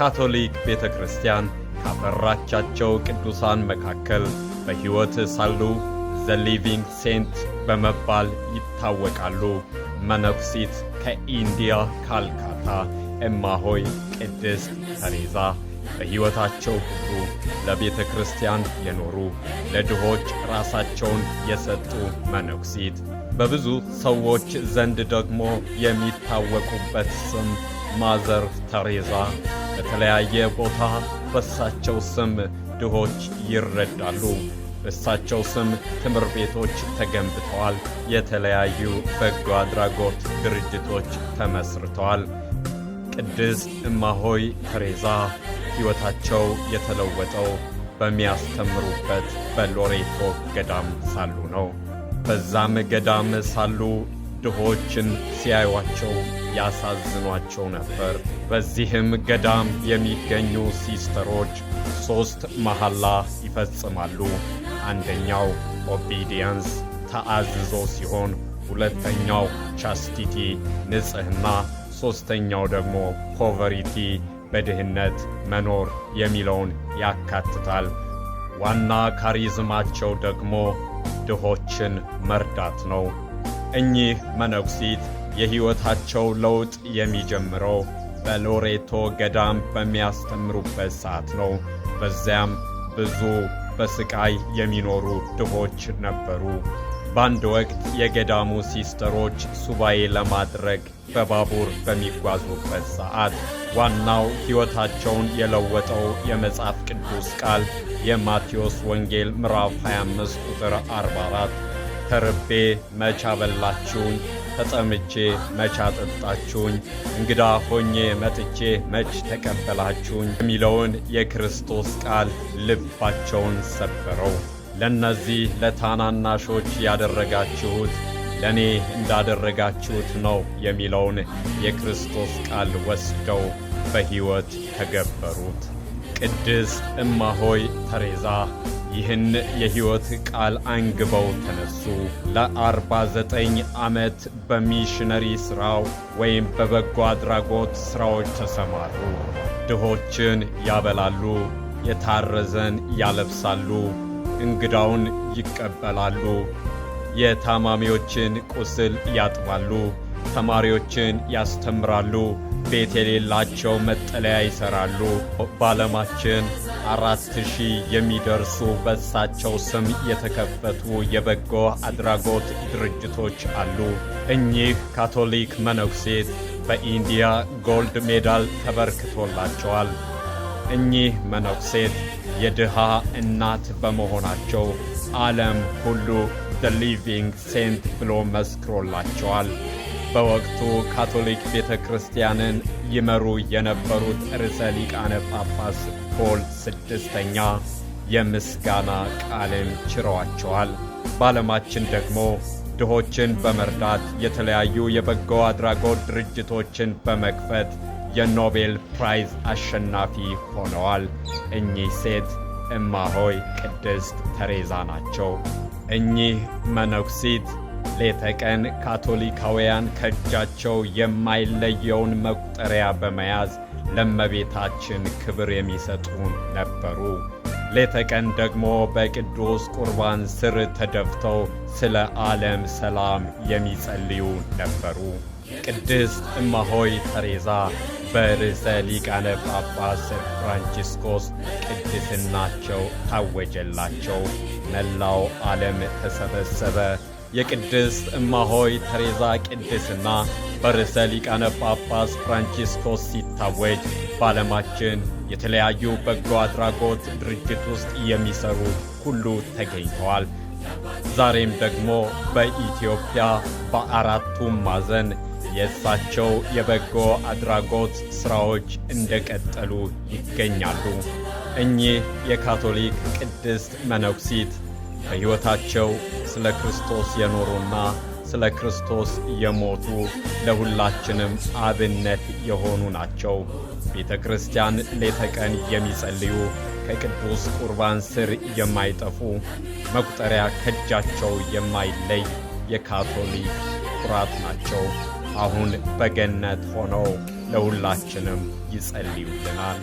ካቶሊክ ቤተ ክርስቲያን ካፈራቻቸው ቅዱሳን መካከል በሕይወት ሳሉ ዘ ሊቪንግ ሴንት በመባል ይታወቃሉ። መነኩሲት ከኢንዲያ ካልካታ እማሆይ ቅድስት ተሬዛ በሕይወታቸው ሁሉ ለቤተ ክርስቲያን የኖሩ ለድሆች ራሳቸውን የሰጡ መነኩሲት በብዙ ሰዎች ዘንድ ደግሞ የሚታወቁበት ስም ማዘር ተሬዛ በተለያየ ቦታ በእሳቸው ስም ድሆች ይረዳሉ። በእሳቸው ስም ትምህርት ቤቶች ተገንብተዋል። የተለያዩ በጎ አድራጎት ድርጅቶች ተመስርተዋል። ቅድስ እማሆይ ተሬዛ ሕይወታቸው የተለወጠው በሚያስተምሩበት በሎሬቶ ገዳም ሳሉ ነው። በዛም ገዳም ሳሉ ድሆችን ሲያዩቸው ያሳዝኗቸው ነበር። በዚህም ገዳም የሚገኙ ሲስተሮች ሦስት መሐላ ይፈጽማሉ። አንደኛው ኦቢዲየንስ ተአዝዞ ሲሆን ሁለተኛው ቻስቲቲ ንጽሕና፣ ሦስተኛው ደግሞ ፖቨሪቲ በድህነት መኖር የሚለውን ያካትታል። ዋና ካሪዝማቸው ደግሞ ድሆችን መርዳት ነው። እኚህ መነኩሲት የሕይወታቸው ለውጥ የሚጀምረው በሎሬቶ ገዳም በሚያስተምሩበት ሰዓት ነው። በዚያም ብዙ በስቃይ የሚኖሩ ድሆች ነበሩ። በአንድ ወቅት የገዳሙ ሲስተሮች ሱባኤ ለማድረግ በባቡር በሚጓዙበት ሰዓት ዋናው ሕይወታቸውን የለወጠው የመጽሐፍ ቅዱስ ቃል የማቴዎስ ወንጌል ምዕራፍ 25 ቁጥር 44 ተርቤ መቻ በላችሁኝ፣ ተጠምቼ መቻ ጠጣችሁኝ፣ እንግዳ ሆኜ መጥቼ መች ተቀበላችሁኝ የሚለውን የክርስቶስ ቃል ልባቸውን ሰበረው። ለእነዚህ ለታናናሾች ያደረጋችሁት ለእኔ እንዳደረጋችሁት ነው የሚለውን የክርስቶስ ቃል ወስደው በሕይወት ተገበሩት። ቅድስ እማሆይ ተሬዛ ይህን የሕይወት ቃል አንግበው ተነሱ። ለ49 ዓመት በሚሽነሪ ሥራው ወይም በበጎ አድራጎት ሥራዎች ተሰማሩ። ድሆችን ያበላሉ፣ የታረዘን ያለብሳሉ፣ እንግዳውን ይቀበላሉ፣ የታማሚዎችን ቁስል ያጥባሉ፣ ተማሪዎችን ያስተምራሉ፣ ቤት የሌላቸው መጠለያ ይሠራሉ። በዓለማችን አራት ሺህ የሚደርሱ በእሳቸው ስም የተከፈቱ የበጎ አድራጎት ድርጅቶች አሉ። እኚህ ካቶሊክ መነኩሴት በኢንዲያ ጎልድ ሜዳል ተበርክቶላቸዋል። እኚህ መነኩሴት የድሃ እናት በመሆናቸው ዓለም ሁሉ ዘ ሊቪንግ ሴንት ብሎ መስክሮላቸዋል። በወቅቱ ካቶሊክ ቤተ ክርስቲያንን ይመሩ የነበሩት ርዕሰ ሊቃነ ጳጳስ ፖል ስድስተኛ የምስጋና ቃልን ችረዋቸዋል። በዓለማችን ደግሞ ድሆችን በመርዳት የተለያዩ የበጎ አድራጎት ድርጅቶችን በመክፈት የኖቤል ፕራይዝ አሸናፊ ሆነዋል። እኚህ ሴት እማሆይ ቅድስት ተሬዛ ናቸው። እኚህ መነኩሲት ሌተ ቀን ካቶሊካውያን ከእጃቸው የማይለየውን መቁጠሪያ በመያዝ ለመቤታችን ክብር የሚሰጡ ነበሩ። ሌተ ቀን ደግሞ በቅዱስ ቁርባን ስር ተደፍተው ስለ ዓለም ሰላም የሚጸልዩ ነበሩ። ቅድስት እማሆይ ተሬዛ በርዕሰ ሊቃነ ጳጳስ ፍራንቺስኮስ ቅድስናቸው ታወጀላቸው። መላው ዓለም ተሰበሰበ። የቅድስት እማሆይ ተሬዛ ቅድስና በርዕሰ ሊቃነ ጳጳስ ፍራንቺስኮስ ሲታወጅ በዓለማችን የተለያዩ በጎ አድራጎት ድርጅት ውስጥ የሚሰሩ ሁሉ ተገኝተዋል። ዛሬም ደግሞ በኢትዮጵያ በአራቱም ማዕዘን የእሳቸው የበጎ አድራጎት ሥራዎች እንደቀጠሉ ይገኛሉ። እኚህ የካቶሊክ ቅድስት መነኩሲት በሕይወታቸው ስለ ክርስቶስ የኖሩና ስለ ክርስቶስ የሞቱ ለሁላችንም አብነት የሆኑ ናቸው። ቤተ ክርስቲያን ሌተ ቀን የሚጸልዩ ከቅዱስ ቁርባን ስር የማይጠፉ መቁጠሪያ ከእጃቸው የማይለይ የካቶሊክ ኩራት ናቸው። አሁን በገነት ሆነው ለሁላችንም ይጸልዩልናል።